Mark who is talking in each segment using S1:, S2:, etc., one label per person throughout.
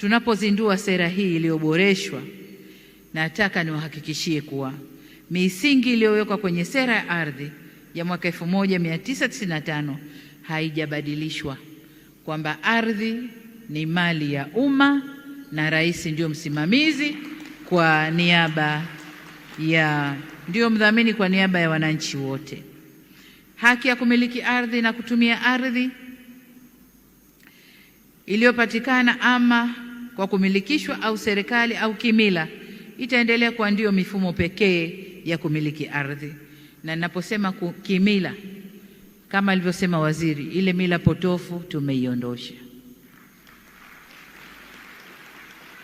S1: Tunapozindua sera hii iliyoboreshwa, nataka niwahakikishie kuwa misingi iliyowekwa kwenye sera ya ardhi ya mwaka 1995 haijabadilishwa, kwamba ardhi ni mali ya umma na rais ndiyo msimamizi kwa niaba ya ndiyo mdhamini kwa niaba ya wananchi wote. Haki ya kumiliki ardhi na kutumia ardhi iliyopatikana ama kwa kumilikishwa au serikali au kimila, itaendelea kuwa ndio mifumo pekee ya kumiliki ardhi. Na ninaposema kimila, kama alivyosema waziri, ile mila potofu tumeiondosha,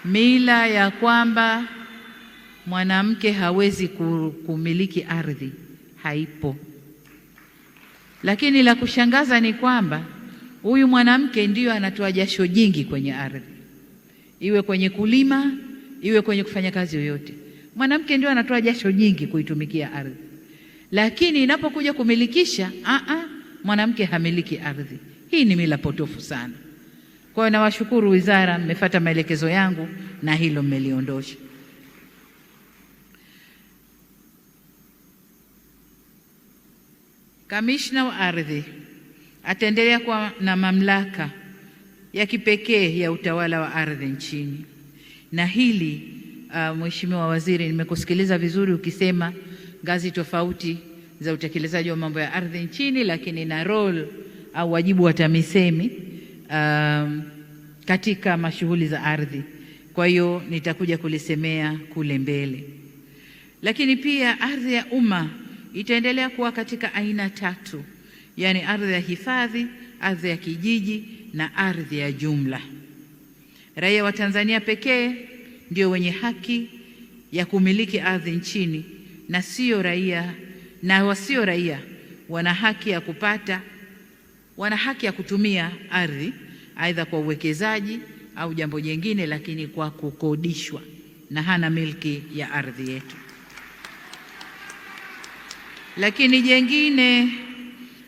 S1: mila ya kwamba mwanamke hawezi kumiliki ardhi haipo. Lakini la kushangaza ni kwamba huyu mwanamke ndiyo anatoa jasho jingi kwenye ardhi iwe kwenye kulima, iwe kwenye kufanya kazi yoyote. Mwanamke ndio anatoa jasho nyingi kuitumikia ardhi, lakini inapokuja kumilikisha, a a, mwanamke hamiliki ardhi. Hii ni mila potofu sana. Kwa hiyo nawashukuru wizara, mmefuata maelekezo yangu na hilo mmeliondosha. Kamishna wa ardhi ataendelea kuwa na mamlaka ya kipekee ya utawala wa ardhi nchini. Na hili uh, Mheshimiwa Waziri, nimekusikiliza vizuri ukisema ngazi tofauti za utekelezaji wa mambo ya ardhi nchini, lakini na role au wajibu wa TAMISEMI um, katika mashughuli za ardhi. Kwa hiyo nitakuja kulisemea kule mbele, lakini pia ardhi ya umma itaendelea kuwa katika aina tatu, yaani ardhi ya hifadhi, ardhi ya kijiji na ardhi ya jumla. Raia wa Tanzania pekee ndio wenye haki ya kumiliki ardhi nchini na sio raia, na wasio raia wana haki ya kupata, wana haki ya kutumia ardhi aidha kwa uwekezaji au jambo jingine, lakini kwa kukodishwa na hana milki ya ardhi yetu. Lakini jengine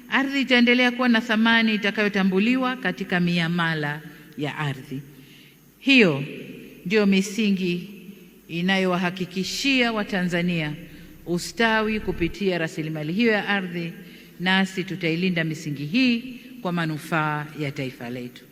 S1: ardhi itaendelea kuwa na thamani itakayotambuliwa katika miamala ya ardhi. Hiyo ndiyo misingi inayowahakikishia Watanzania ustawi kupitia rasilimali hiyo ya ardhi, nasi tutailinda misingi hii kwa manufaa ya taifa letu.